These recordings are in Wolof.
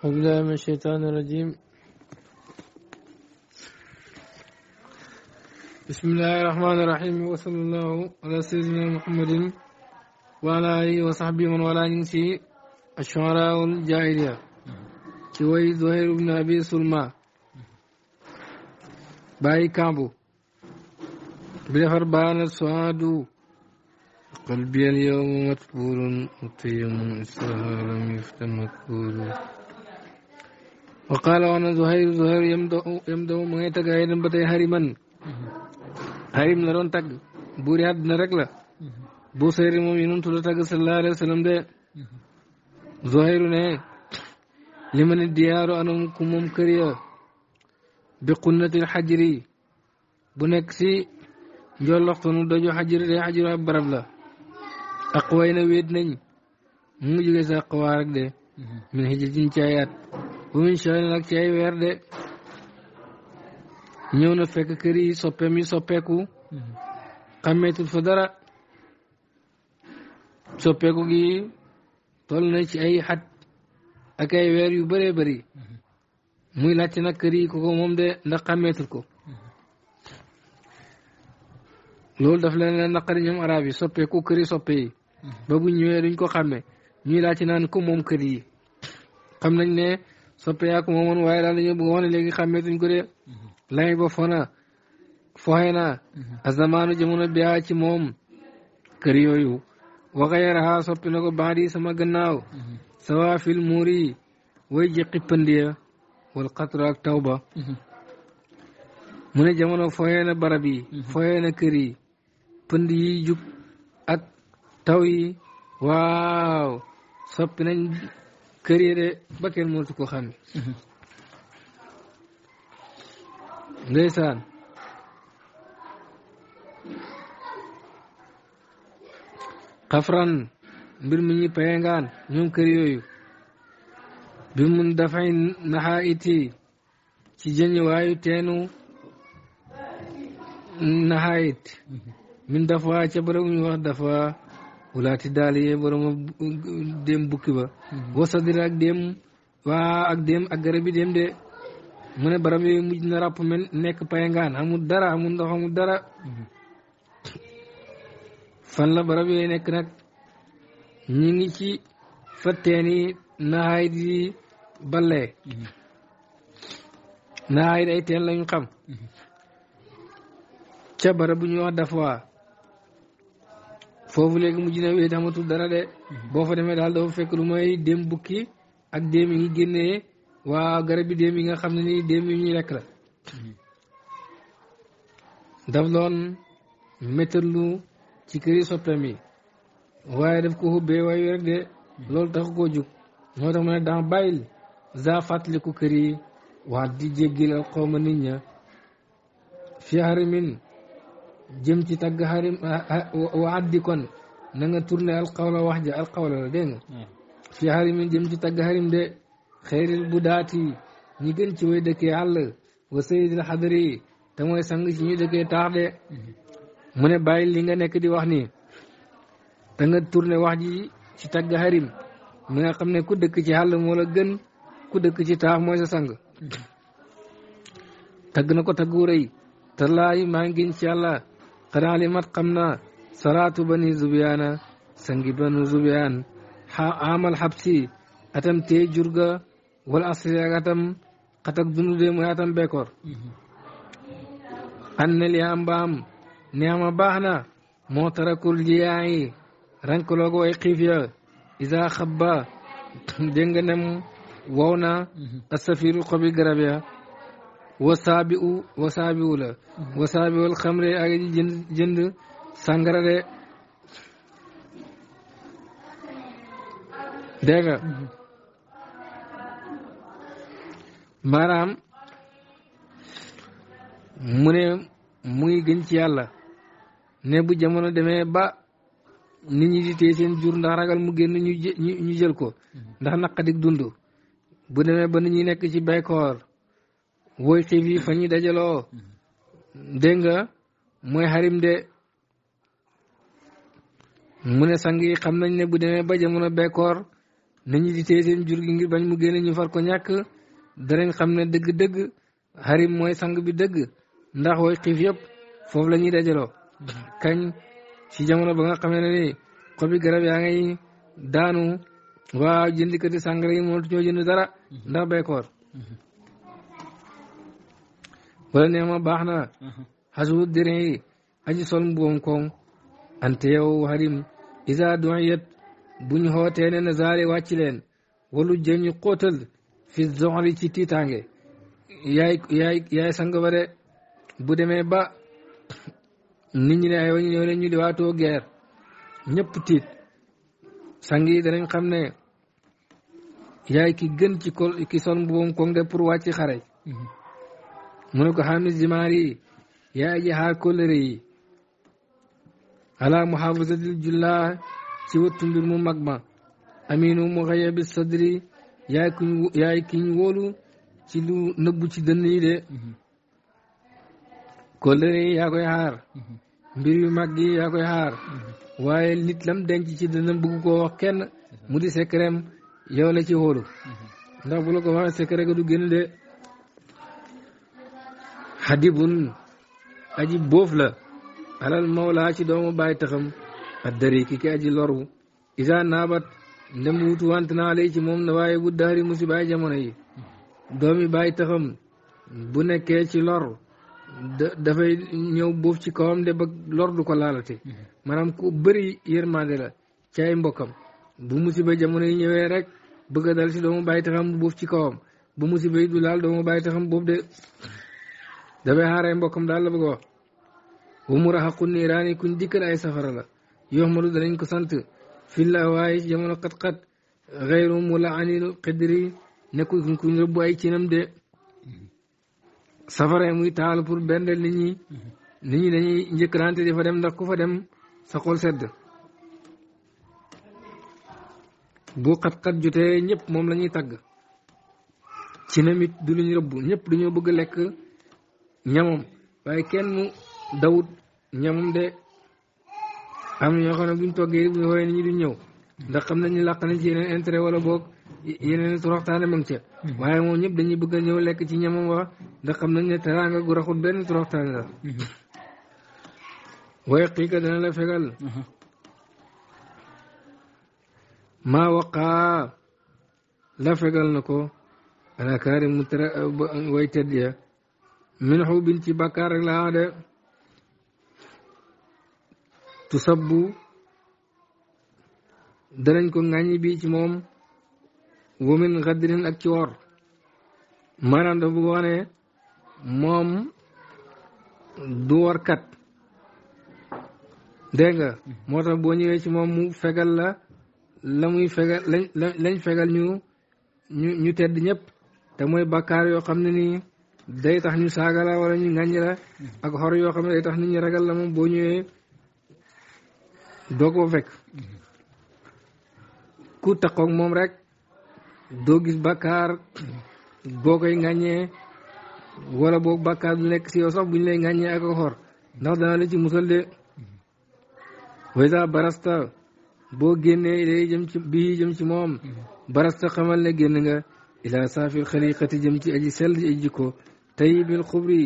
أعوذ بالله من الشيطان الرجيم بسم الله الرحمن الرحيم وصلى الله على سيدنا محمد وعلى آله وصحبه من والاه ينسي الشعراء الجاهلية كوي زهير بن أبي سلمى باي كامبو بلفر بان السعاد قلبي اليوم مطبول مطيم لم يفتن مقبول وقال وانا زهير زهير يمدو يمدو مغي تاغ ايدن باتاي حريمان حريم لا دون تاغ بوري ادنا رك لا بو سير موم ينون تولا تاغ صلى الله عليه وسلم دي زهير نه لمن الديار انا كومم كريا بقنة الحجر bu nekk si njolloxtonu dojo xajir de xajiru ab barab la aqway na wéet nañ mu ngi jógee sa aqwaa rek de min xijil ci ay at wa min shahrin ci ay weer de ñëw na fekk kër yi soppe yi soppeeku xàmmeetul fa dara soppeeku gi tol nañ ci ay xat ak ay weer yu bëree bëri muy laajte nag kër yi ko ko moom de ndax xàmmeetul ko loolu daf leen leen naqari ñoom arab yi soppeeku kër yi soppe yi ba bu ñëwee duñ ko xàmme ñuy laajte naan ko moom kër yi xam nañ ne soppeeku moomoon waaye daal dañoo bëgg wax ne léegi xàmmeetuñ ko de lay ba fona foxe naa mhm. azamaanu jamono biyaa ci moom kër yooyu waxa yaraxaa soppi na ko baadi sama gannaaw mhm. sawa fil muur yi way jëqi wal xatru ak tawba mhm. mu ne jamono foxe na barab yi foxe na kër yi pënd yi jub ak taw yi waaw soppi kër yi de ba kenn mënatu ko xam ndeysaan xafran mbir mi ñi payengaan ñoom kër yooyu bi mun dafay naxaa iti ci jëñuwaayu teenu naxaa it min dafa ca bërëb ñu wax dafa wulaati daal yee borom dem bukki ba hmm. wasadira ak dem waa ak dem ak garab dem de mu ne barab yooyu mujj na ràpp mel nekk payangaan amul dara amul ndox amul dara hmm. fan la barab yooyu nekk nag ñi ngi ci fatteeni naxaay di ballee hmm. naxaay di ay teen lañu xam ca barab bu ñuy wax dafa foofu léegi mujj na wéet amatul dara de boo fa demee daal dafa fekk lu mooy déem bukki ak déem yi ngi génnee waa garab yi déem yi nga xam ne nii déem yi ñuy lekk la daf loon méttarlu ci këri soppeem yi waaye daf ko xubbee waayu rek de loolu tax koo jug moo tax mu ne dama bàyyil za ku kër yi wax di jéggil ak xawma nit ña fi jëm ci tagg xarim wa addi kon na nga tourné alqawla wax ja alqawla la dégg nga hmm. fi xarimin jëm ci tagg xarim de xeyril bu ñi gën ci way dëkkee àll wa sayidil xadari te mooy sang ci ñuy dëkkee taax de hmm. mu ne bàyyi li nga nekk di wax ni da nga tourné wax ji ci tagg xarim mi nga xam ne ku dëkk ci àll moo la gën ku dëkk ci taax mooy sa sang hmm. tagg na ko taggu rëy te laayi maa ngi ci قرالي مرقمنا سرات بني زبيانا سنگي بنو زبيان عامل حبسي أتم تي جرغا والأسرع أتم قتك دنو دي مياتم بيكور أن ليام بام نعم باهنا موترك الجياعي رنك لوغو إقيفيا إذا خبا دنگنم وونا السفير قبي غربيا wasaabi u wasaabi wu la wasaabi wal xamre ak ji jënd sàngara de dégg nga maanaam mu ne mu ngi gën ci yàlla ne bu jamono demee ba nit ñi di téye seen jur ndax ragal mu génn ñu ñu jël ko ndax naqadik dund bu demee ba nit ñi nekk ci baykoor woy xiif yi fa ñuy dajaloo dégg nga mooy xarim de mu ne sang yi xam nañ ne bu demee ba jamono bekkoor nit ñi di téye seen jur gi ngir bañ mu génne ñu far ko ñàkk danañ xam ne dëgg-dëgg xarim mooy sang bi dëgg ndax woy xiif yëpp foofu lañuy ñuy dajaloo kañ ci jamono ba nga xamee ne ni xobi garab yaa ngay daanu waaw jëndikati sàngara yi moom ñoo jënd dara ndax bekkoor wala nee ma baax na xasuut uh-huh. dirin yi aji sol mbuum koŋ ante yow harim isa du'iyat buñ xootee ne zaare wàcc leen wallu jëñu xóotal fi zoxri ci tiitaange yaay yaay yaay sang ba bu demee ba nit ñi ne ay wañu ñëw ne ñu di waatoo guerre ñëpp tiit sang yi danañ xam ne yaay ki gën ci kol ki sol mbuum koŋ de pour wàcc xare uh-huh. mu ne ko xamis jimaar yaa aji xaar kóllëre yi ala muhafazatil jullaa ci wattu mbir mu mag ma aminu mu xëya bi sadri yaay kiñ yaay kiñ ci lu nëbbu ci dënn yi de mhm. kóllëre yi yaa koy xaar mhm. mbir yu mag yi yaa koy xaar mhm. waaye nit lam denc ci dënnam bëgg koo wax kenn mu di secret yow la ci wóolu ndax bu la ko waxee secret ga du génn de xadibun aji boof la alal laa ci doomu bàyyi taxam addari ki ki aji loru isa naabat ndem wutu wante naa lay ci moom na waaye bu daari musibaay jamono yi doomi bàyyi taxam bu nekkee ci lor dafay ñëw boof ci kawam de ba lor du ko laalate maanaam ku bëri yërmande la ci ay mbokkam bu musiba jamono yi ñëwee rek bëgg a dal ci doomu bàyyi taxam boof ci kawam bu musiba yi du laal doomu bàyyi taxam boobu de dafay xaaray mbokkam daal la bëgg wax wu mu raxaqu niiraani kuñ dikkal ay safara yoo xam ne danañ ko sant fi la waaye jamono xat-xat xeyru mu la anil xidri nekkul kuñ kuñ rëbbu ay cinam de safara muy taal pour benn nit ñi dañuy njëkkalante di fa dem ndax ku fa dem sa sedd bu xat-xat jotee ñëpp moom la ñuy tàgg cinamit du luñ rëbb ñëpp dañoo bëgg lekk ñamam waaye kenn mu dawut ñamam de am na ñoo xam ne buñ toggee bu xoolee nit ñëw ndax xam nañ ne làq nañ ci yeneen intérêt wala boog yeneen toroxtaane ma ngi ca hmm. waaye moom ñëpp dañuy bëgg a ñëw lekk ci ñamam wax ndax xam nañ ne teraanga gu raxul benn toroxtaane la hmm. waaye xiika dana la fegal hmm. maa waqaa la fegal na ko alaakaari mu tere way tedd ya min xubin ci bàkkaar rek laa de tusabbu danañ ko ŋàññi bi ci moom wa min xadrin ak ci wor maanaam dafa bëgg moom du workat dégg nga moo tax boo ñëwee ci moom mu fegal la la muy fegal lañ fegal ñu ñu ñu tedd ñëpp te mooy bàkkaar yoo xam ne nii day tax ñu saaga la wala ñu ŋàññ la ak xor yoo xam ne day tax nit ñi ragal la moom boo ñëwee doo ko fekk ku taqoog moom rek doo gis bakkaar boo koy ŋàññee wala boo bàkkaar bu nekk si yow sax buñ lay ŋàññee ak xor ndax dana la ci musal de waysa barasta boo génnee ilay jëm ci bii jëm ci moom xamal ne génn nga ilaa saafir xaliqati jëm ci aji sell ji ay jikko tayibil xubri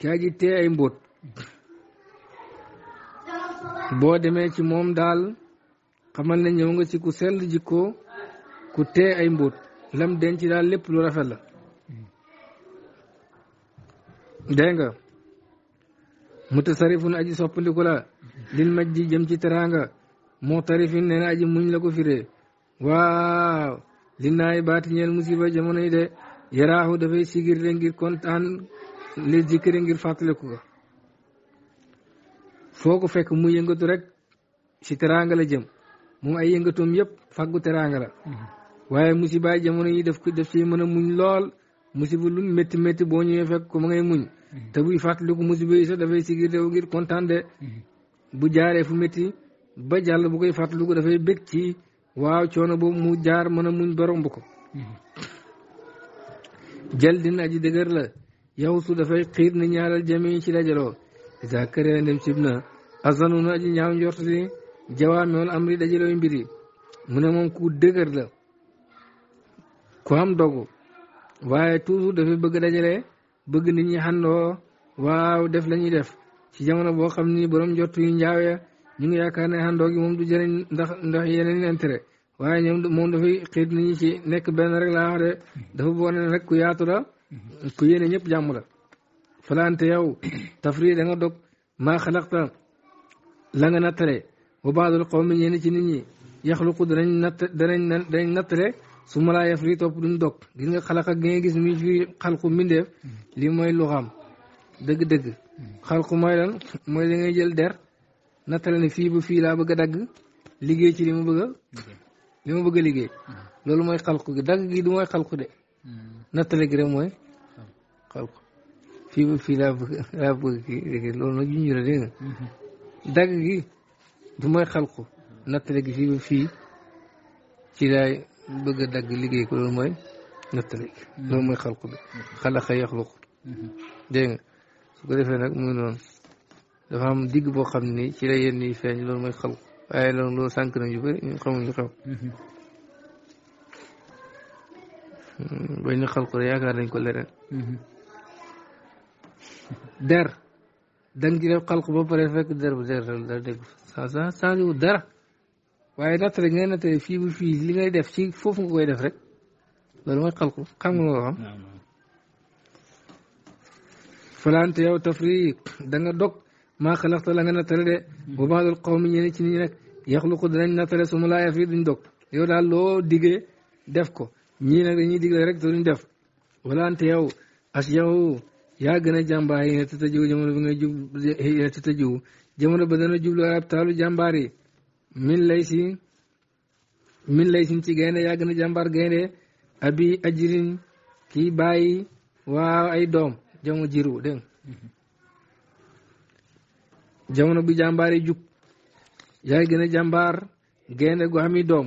kaa ji tee ay mbóot boo demee ci moom daal xamal ne ñëw nga ci ku sell jikko ku tee ay mbóot lam denc daal lépp lu rafet la dégg nga mutasarifun aji soppandiku la lil maj ji jëm ci teraanga muxtarifin nee na aji muñ la ko firee waaw li naay baati musiba jamono de yaraahu dafay sigir de ngir kontaan li zikkiri ngir fàttaliku ko foo ko fekk mu yëngatu rek ci teraanga la jëm moom ay yëngatoom yëpp fàggu teraanga la mhm. waaye musibaay jamono yi def ko def ci mën a muñ lool musiba lu metti métti boo ñëwee fekk ko ma ngay muñ mhm. te buy fàttaliku musiba yi sax dafay sigir de ngir kontaan de mhm. bu jaaree fu metti ba jàll bu koy fàttaliku dafay bég ci waaw coono boobu mu jaar mën a muñ ba romb ko jël din aji dëgër la yow su dafay xiir ni ñaaral jami ci dajaloo isa këree ndem sib na azanuna aji ñaaw njort si jawaamiwal amri dajalooy mbiri mu ne moom ku dëgër la ku am dogu waaye toujours dafay bëgg dajale bëgg ni ñi xandoo waaw def lañuy def ci jamono boo xam ni borom njort yu njaawee ñu ngi yaakaar na xandoo gi moom du jëriñ ndax ndax yeneen intérêt waaye ñoom moom dafay xiit nañu ci nekk benn rek laa wax de dafa boole ne rek ku yaatu la ku yéene ñëpp jàmm la falante yow tafri danga dog maa xalaqta la nga nattale wa baadul qawmi ci nit ñi yaxluqu danañ natt danañ danañ nattale su ma laa yafri dog gis nga xalaqa gi nga gis mi fi xalqu mbindeef li mooy luxaam dëgg-dëgg xalqu mooy lan mooy da ngay jël der nattale ne fii ba fii laa bëgg a dagg liggéey ci li mu bëgg li ma liggéey loolu mooy xalku gi dagg gi du mooy xalku de nattale gi rek mooy fii ba fii laa bëgg laa bëgg kii loolu nag junj la nga dagg gi du mooy xalku nattale gi fii ba fii ci lay bëgg dagg liggéey ko loolu mooy nattale gi loolu mooy xalku bi xalaqa yaxluqu dégg nga su ko defee nag muy noonu dafa am digg boo xam ni ci la yenn yi feeñ loolu mooy xalku waaye loolu loolu sànq nañ yu bëri ñun xamuñ lu xew mhm. hmm, ba ñu xal ko yaakaar nañ ko leneen mhm. der da nga ci def xalq ba pare fekk der bu der dara dégg sa sa sangiwu waaye natt nga ngay nattale fii bu fii li ngay def ci foofu nga koy def rek loolu mooy xalku xam nga loo xam hmm. falante yow tafriq da nga dog maa xalaxta la nga nattale de bu baadul qawmi ñeneen ci nit nag yaxluqu danañ nattale su ma laa yaf yi dog yow daal loo diggee def ko ñii nag dañuy digle rek te duñ def walaante yow as yow yaa gën a jàmbaar yi ne te tëjiw jamono bi ngay jub te jamono ba dana jublu arab taalu jàmbaar yi min lay si min lay sin ci gaynde yaa jàmbaar gaynde abi ajirin kii bàyyi waa ay doom jamu jiru dégg jamono bi jàmbaar yi jug yaay gën a jàmbaar gaynde gu xam i doom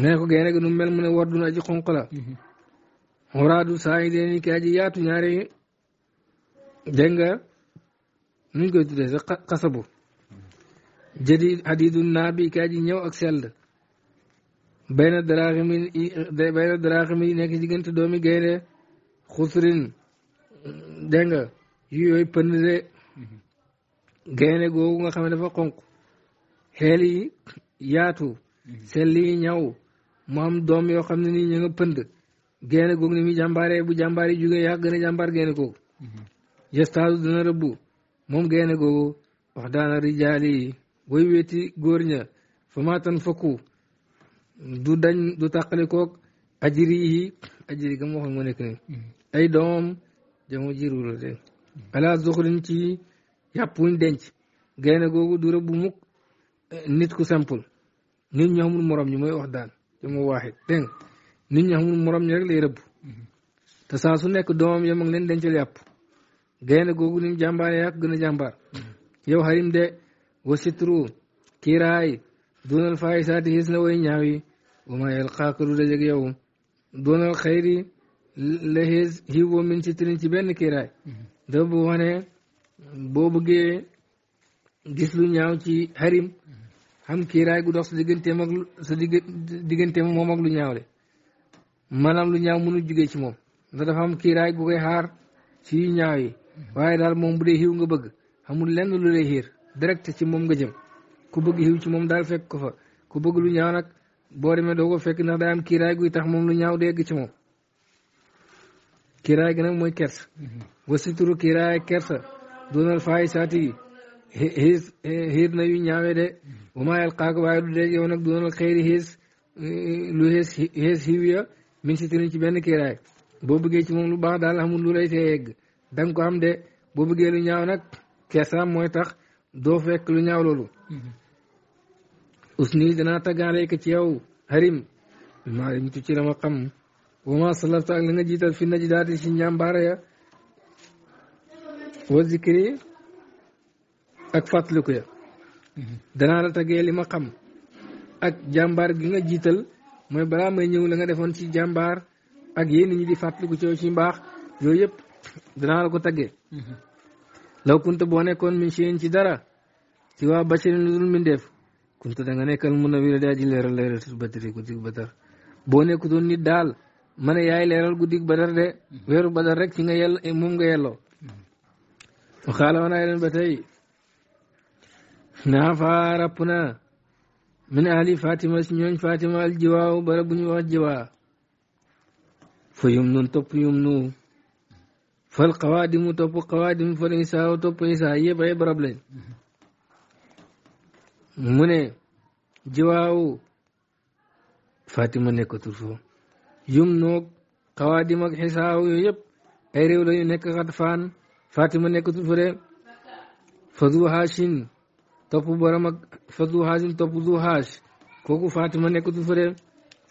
ne ko gaynde gi nu mel mu ne war duna aji xonq waraadu mhm. saa dee ni ki aji yaatu ñaari dégg nga nuñ koy tuddee sa xasabu jadi hadidu naa bi ki ñëw ak sell bay na daraaximi nekk ci doomi gaynde xusrin dégg nga yu yooyu Mm-hmm. gaynde googu nga xam ne dafa xonq xeel yaatu mm-hmm. seen ñaw mu am doom yoo xam ne nii ñu nga pënd gaynde googu ni muy jàmbaaree bu jàmbaar yi jógee yaa gën a jàmbaar gaynde googu gestasu mm-hmm. dina rëbbu moom gaynde googu wax daana rijaali way weeti góor ña fa maatan fakku du dañ du tàqali koog ajiri yi ajiri ga ma waxoon moo nekk ay doom jamo jiru la de ala zuxrin ci yàpp wuñ denc gaynde googu du rëbb mukk eh, nit ku simple nit ñi xamul morom ñi mooy wax daan te mu waaxit dégg nga nit ñi morom ñi rek lay rëbb mm-hmm. te su nekk doomam yam ak leen dencal yàpp gaynde googu ni mu jàmbaaree yàq gën a jàmbaar mm-hmm. yow xarim de wasitru kiiraay doonal faay saati xis na way ñaaw yi wama yalqaakaru dajeg yow doonal xayri la xis xiwoo min sitrin ci benn kiiraay mm-hmm. dafa bu wane boo bëggee gis lu ñaaw ci xarim xam kiiraay gu dox sa digganteem ak sa digganteem moom ak lu ñaaw le maanaam lu ñaaw mënul jugee ci moom ndax dafa am kiiraay gu koy xaar ci yu yi waaye daal moom bu dee xiw nga bëgg xamul lenn lu lay xiir direct ci moom nga jëm ku bëgg xiw ci moom daal fekk ko fa ku bëgg lu ñaaw nag boo demee doo fekk ndax day am kiiraay guy tax moom lu ñaaw dégg ci moom kiiraay gi nag mooy kers wasituru kiiraay kersa doonal faay saati xiis xiir na yu ñaawe de wama yalqaaka waaye du dee yow nag doonal xëyri xiis lu xiis xiis xiiw ya min sitirin ci benn kiiraay boo bëggee ci moom lu baax daal amul lu lay tee yegg da nga ko am de boo bëggee lu ñaaw nag kersaam mooy tax doo fekk lu ñaaw loolu us nii danaa taggaale ko ci yow harim maa lim tu ci la ma xam wama salafta ak la nga jiital fi najdaati si njàmbaare ya wa zikri ak fàttaliku ya danaa la taggee li ma xam ak jàmbaar gi nga jiital mooy balaa may ñëw la nga defoon ci jàmbaar ak yéen ñi di fàttaliku ci yow ci mbaax yooyu yëpp danaa la ko taggee law kunta boo nekkoon min shay'in ci dara ci waa basharin lu dul mindeef kunta da nga nekkal mun a wér daa ji leeral leeral batari ku ci batar boo nekkutoon nit daal mane yaay leeral guddig badar de weeru badar rek ci nga yell eh, mum nga yello o xaala wana yelen ba tey naafa rapp na min ali fatima si ñooñ fatima aljiwaaw bala bu ñu wax jiwa fa yumnun topp yumnu fal qawaadimu topp qawaadimu fal insaaw topp insa yépp ay barab lañ mu ne jiwaawu fatima nekkatul foofu yum noog xawaadim ak xisaaw yooyu yëpp ay réew la ñu nekk xatfaan fatima nekk tu fëre haashin topp borom ak fadu haashin topp du haash kooku fatima nekk tu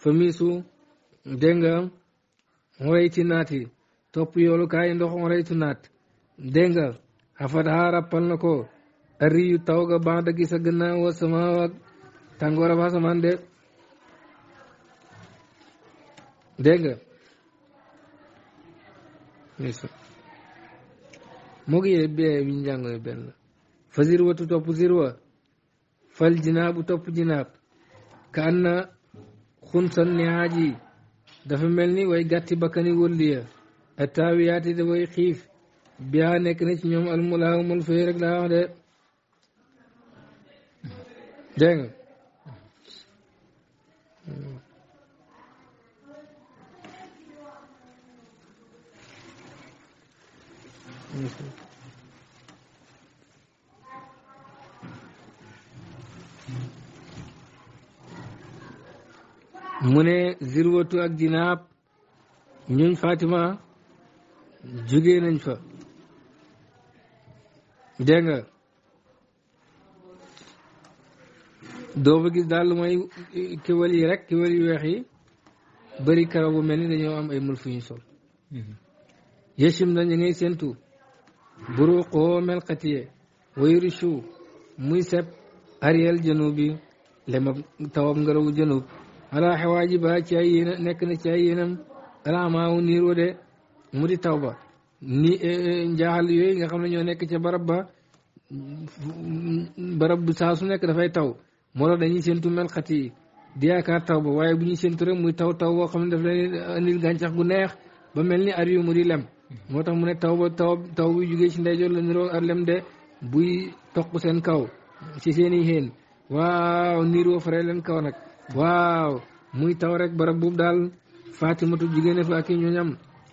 fa miisu dégg nga xoreyti naati yoolu kaay ndox xoreytu naat dégg nga afat haa rappal ko ari yu taw ga baax dagi sa wa sama ak tàngoor ab dégg nga moo gi biyee bi ñu jàngale benn la fa zirwatu topp zirwa fal jinaabu topp jinaab ka an na xunsan nihaaj yi dafa mel ni way gàtti bakkani wëlliya a taawiyaati dafay xiif biyaa nekk na ci ñoom almulaaw mul fay rek laa wax de dégg Mhm. mu ne zirwatu ak jinaab ñun Fatima jugee nañ fa dégg nga gis daal mooy kiwal yi rek kiwal yu weex yi bëri karaw bu mel ni dañoo am ay mul fu ñu sol mhm. yëchim la ñu ngay séentu buruuqoo melxatiye wayuri shu muy seb ariel janubi lemab tawab ngarawu janub ala xawaaji ba ci ay yéen nekk na ci ay yéenam alamaawu niir wa de mu di taw ba ni e, e, njaaxal yooyu nga xam ne ñoo nekk ca barab ba barab bu saa su nekk dafay taw moo tax dañuy séntu melxat yi yaakaar taw ba waaye bu ñuy séntu rek muy taw taw boo xam ne daf leen indil gàncax gu neex ba mel ni ar yu mu di lem moo tax mu ne taw ba taw taw buy jugee ci ndeyjoor la niroo ak lem de buy toq seen kaw ci seeni i xéen waaw niroo fare leen kaw nag waaw muy taw rek barab buub daal fatimatu jigéen fa ak i ñooñam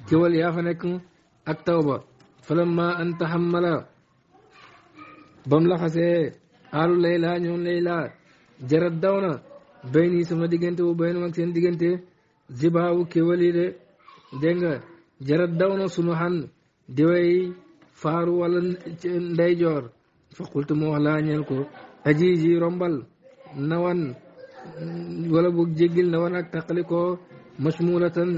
kéwal yaa fa nekk ak taw ba falamma an tahammala bam laxasee alu layla ñoom layla jarat daw na bay nii sama diggante bu bay na ak seen diggante zibaawu kéwal yi de dégg jarat daw na sunu xan diway faaru wala ndeyjoor fa xultu ma wax laa ñeel ko aji ji rombal nawan wala boog jéggil ak taqali ko mashmulatan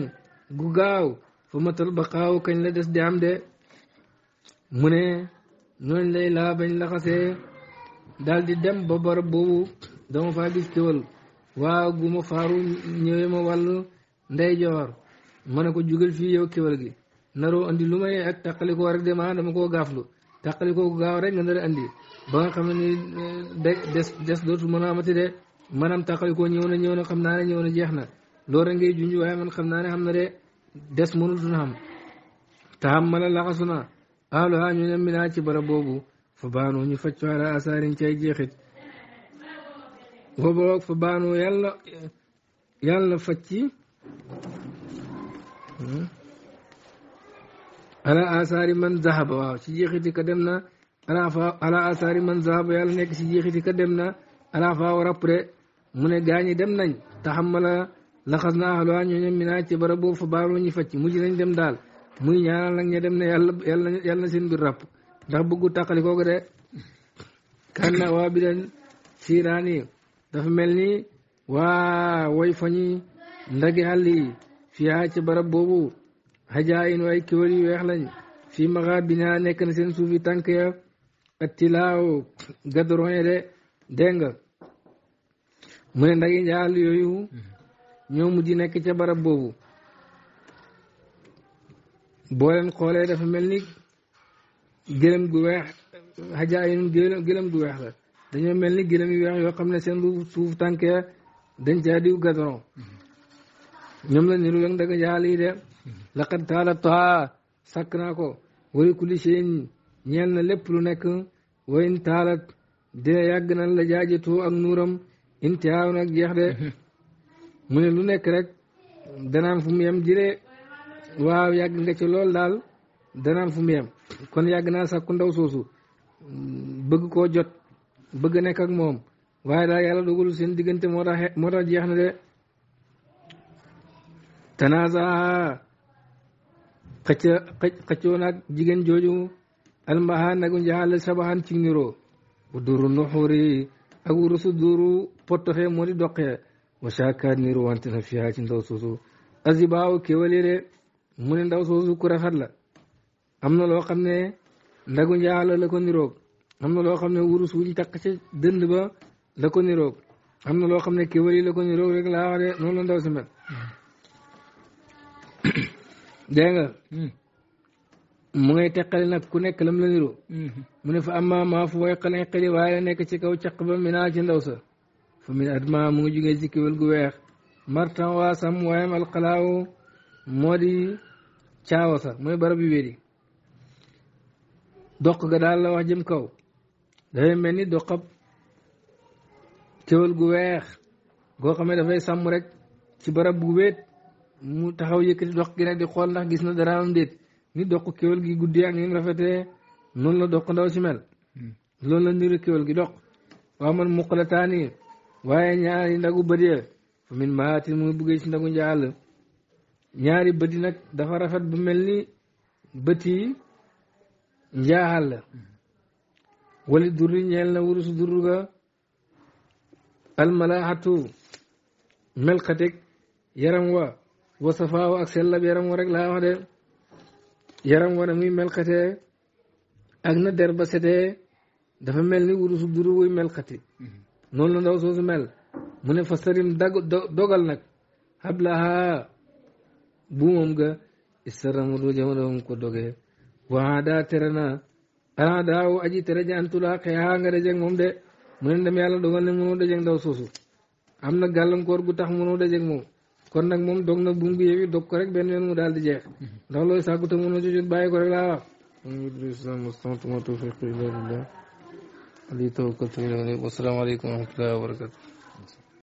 gu gaaw fa matal ba xaaw kañ la des di am mu ne ñooñ lay laa bañ laxasee daal di dem ba barab boobu dama faa gis tëwal waa gu ma faaru ñëwee ma wàll ndeyjoor ma ne ko jugal fii yow kéwél gi naroo andi lu may ak taqalikoo rek de maa dama gaaflu taqalikoo gu gaaw rek nga a andi ba nga xam ne ni eh, des des dootul mën a maanaam taqalikoo ñëw na ñëw na xam naa ne ñëw na jeex na loolu rek ngay junj waaye man xam naa ne xam na de des mënutu na xam te xam ma la laxasu na aloha ñu ne minaa ci fa baanoo ñu facc ala asaarin ci ay jeexit boobu fa baanoo yàlla yàlla facc ala asaari man zahaba waaw ci jeexiti ka dem na ala fa ala asaari man ci jeexiti ka dem na ala war mu ne gaañi dem nañ taxamala laxas na ahluwaa ñooñom mi naa ci bara boobu fa baalu ñu facc mujj nañ dem daal muy ñaanal nag ña dem ne yàlla yàlla yàlla na seen mbir ràpp ndax bëggu tàqali kooku de kan waa bi den dafa mel ni waa woy fañi ndagi àll fiyaa ci barab boobu xajaa inu ay kiwal yu weex lañ fii maxa binaa nekk na seen suufi tànk ya attilaaw gadron ya de dégg nga mu ne ndagi njaal yooyu ñoom mujj nekk ca barab boobu boo leen xoolee dafa mel ni gëlëm gu weex xajaa inu gëlëm gu weex la dañoo mel ni gëlëm yu weex yoo xam ne seen suuf tànk ya dañ caa diw gadron ñoom la niru yëng daga jaal yi de laqad taala toha sàkk naa ko wari kulli shay'in ñeel na lépp lu nekk wayn taalat de yàgg na la jaajëtoo ak nuuram intihaaw nag jeex de mu ne lu nekk rek danaam fu mu yem jëree waaw yàgg nga ci lool daal danaam fu mu yem kon yàgg naa sàkku ndaw soosu bëgg koo jot bëgg nekk ak moom waaye daal yàlla dogalul seen diggante moo tax moo jeex na de tanaaza xëccoo naag jigéen jooju almaha nagu njaxal sabahan ci niroo u duru nuxuri ak urusu duru pottoxe moo di doqee wa shaka niro wante na fiyaa ci ndaw soosu azibaaw kéwalire mu ne ndaw soosu ku rafet la am na loo xam ne ndagu njaxal la ko niroog am na loo xam ne urus wuñ taq niroog na loo xam ne kéwali rek laa wax la ndaw si dégg nga hmm. mu ngay teqale nag ku nekk lam la niroo hmm. mu ne fa amma maa fu way xalañ xëri waaye nekk ci kaw caq ba naa ci ndaw sa fa min adma mu ngi jógee ci kéwél gu weex martan waa sam waayam alxalaaw moo di caawa sa mooy barab yu wéri doq ga daal wax jëm kaw dafay mel ni doqab kéwél gu weex goo xam ne dafay sàmm rek ci barab bu wéet mu taxaw yëkkati dox gi nag di xool ndax gis na dara am déet ni doq kéwél gi guddee ak ni mu rafetee noonu la doq ndaw si mel hmm. loolu la niru kéwél gi doq waaw man muqalataani waaye ñaari ndagu bëri min maatin mu buggee si ndagu njaal ñaari bëti nag dafa rafet bu mel ni bëti njaaxal la hmm. wali durri ñeel na wurusu durru ga almalaxatu melxateg yaram wa wasafaaw ak sellab yaram wa rek laa wax de yaram wa na muy melxatee ak na der ba dafa mel ni wurusub duru wuy melxati mm-hmm. noonu la ndaw soosu mel mu ne fastarim dogal nag hablaha buumam ga istaram du jamono ko dogee waa daa tere na alaa daaw aji tere jantulaa xeexaa nga dajeeg moom de mu ne dem yàlla dogal ne mënoo dajeeg ndaw soosu am na gàllankoor gu tax mënoo dajeeg moom kon nag moom dog na buum bi yëwi dog ko rek benn yoon mu daal di jeex ndax looy sàkku te mënoo ci jot bàyyi ko rek laa wax mosantuma tawfiq illa billah ali tawakkaltu ilayhi wasalaamaaleykum wa rahmatullahi wa barakatu